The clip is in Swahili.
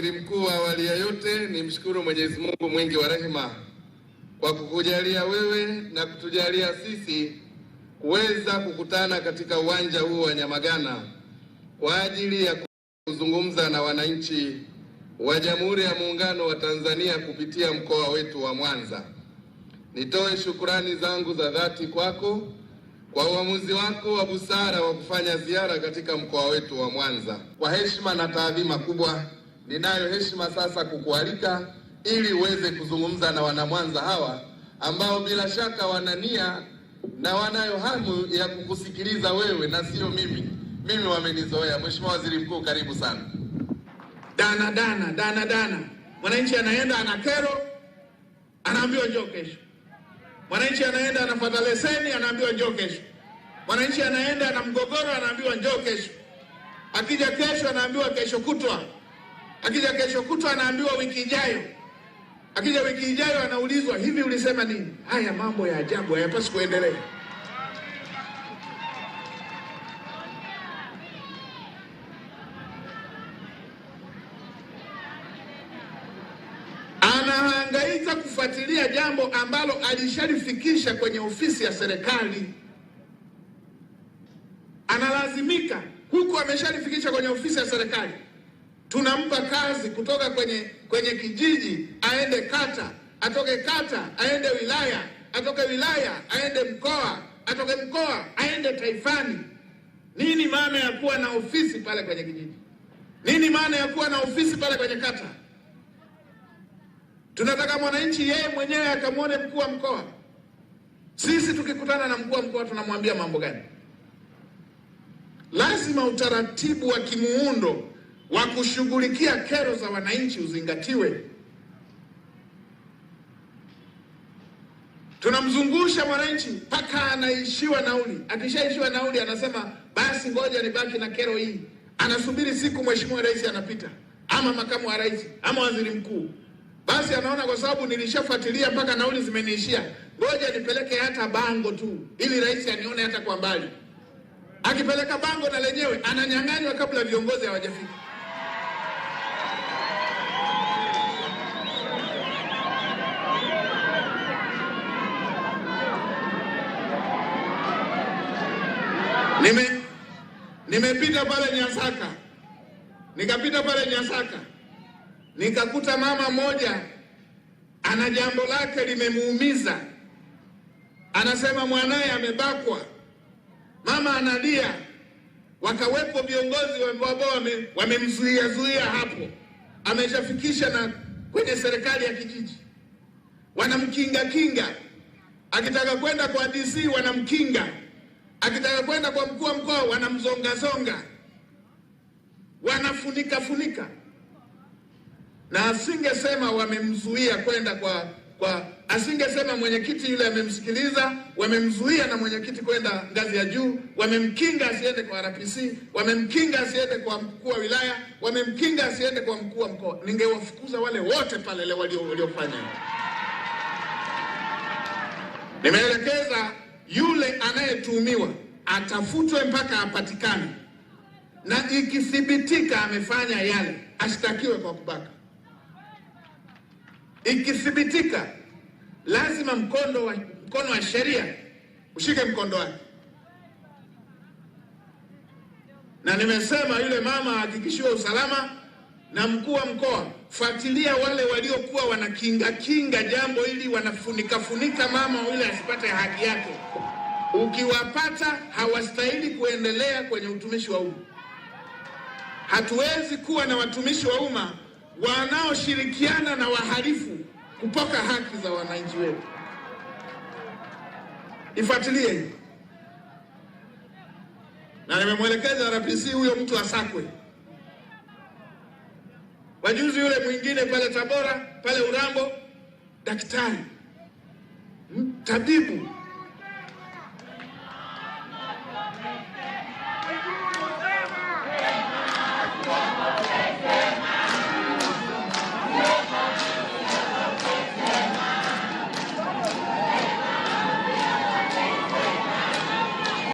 Waziri Mkuu, awali ya yote ni mshukuru Mwenyezi Mungu mwingi wa rehema kwa kukujalia wewe na kutujalia sisi kuweza kukutana katika uwanja huu wa Nyamagana kwa ajili ya kuzungumza na wananchi wa Jamhuri ya Muungano wa Tanzania kupitia mkoa wetu wa Mwanza. Nitoe shukurani zangu za dhati kwako kwa uamuzi wako wa busara wa kufanya ziara katika mkoa wetu wa Mwanza. Kwa heshima na taadhima kubwa ninayo heshima sasa kukualika ili uweze kuzungumza na wanamwanza hawa ambao bila shaka wanania na wanayo hamu ya kukusikiliza wewe na sio mimi. Mimi wamenizoea. Mheshimiwa Waziri Mkuu, karibu sana. Dana dana dana dana, mwananchi anaenda ana kero, anaambiwa njoo kesho. Mwananchi anaenda anafuata leseni, anaambiwa njoo kesho. Mwananchi anaenda ana mgogoro, anaambiwa njoo kesho. Akija kesho, anaambiwa kesho kutwa akija kesho kutwa anaambiwa wiki ijayo, akija wiki ijayo anaulizwa hivi, ulisema nini? Haya mambo ya ajabu hayapasi kuendelea. Anahangaika kufuatilia jambo ambalo alishalifikisha kwenye ofisi ya serikali, analazimika huku ameshalifikisha kwenye ofisi ya serikali tunampa kazi kutoka kwenye kwenye kijiji aende kata, atoke kata aende wilaya, atoke wilaya aende mkoa, atoke mkoa aende taifani. Nini maana ya kuwa na ofisi pale kwenye kijiji? Nini maana ya kuwa na ofisi pale kwenye kata? Tunataka mwananchi yeye mwenyewe akamwone mkuu wa mkoa. Sisi tukikutana na mkuu wa mkoa tunamwambia mambo gani? Lazima utaratibu wa kimuundo wa kushughulikia kero za wananchi uzingatiwe. Tunamzungusha mwananchi mpaka anaishiwa nauli. Akishaishiwa nauli, anasema basi, ngoja nibaki na kero hii. Anasubiri siku mheshimiwa rais anapita, ama makamu wa rais, ama waziri mkuu. Basi anaona kwa sababu nilishafuatilia mpaka nauli zimeniishia, ngoja nipeleke hata bango tu, ili rais anione hata kwa mbali. Akipeleka bango na lenyewe ananyang'anywa kabla viongozi hawajafika. Nime nimepita pale Nyasaka, nikapita pale Nyasaka nikakuta mama mmoja ana jambo lake limemuumiza, anasema mwanaye amebakwa, mama analia. Wakawepo viongozi ambao wamemzuia zuia hapo, ameshafikisha na kwenye serikali ya kijiji, wanamkinga kinga, akitaka kwenda kwa DC wanamkinga akitaka kwenda kwa mkuu wa mkoa wanamzongazonga, wanafunika funika, na asingesema wamemzuia kwenda kwa kwa, asingesema mwenyekiti yule amemsikiliza, wamemzuia na mwenyekiti kwenda ngazi ya juu, wamemkinga asiende kwa RPC, wamemkinga asiende kwa mkuu wa wilaya, wamemkinga asiende kwa mkuu wa mkoa. Ningewafukuza wale wote pale leo waliofanya. Nimeelekeza yule anayetuhumiwa atafutwe mpaka apatikane, na ikithibitika amefanya yale ashtakiwe kwa kubaka. Ikithibitika lazima mkondo wa, mkono wa sheria ushike mkondo wake, na nimesema yule mama ahakikishiwe usalama na mkuu wa mkoa fuatilia wale waliokuwa wanakinga kinga jambo ili wanafunika funika mama ule asipate haki yake. Ukiwapata hawastahili kuendelea kwenye utumishi wa umma. Hatuwezi kuwa na watumishi wa umma wanaoshirikiana na wahalifu kupoka haki za wananchi wetu. Ifuatilie, na nimemwelekeza RPC huyo mtu asakwe. Wajuzi yule mwingine pale Tabora pale Urambo, daktari tabibu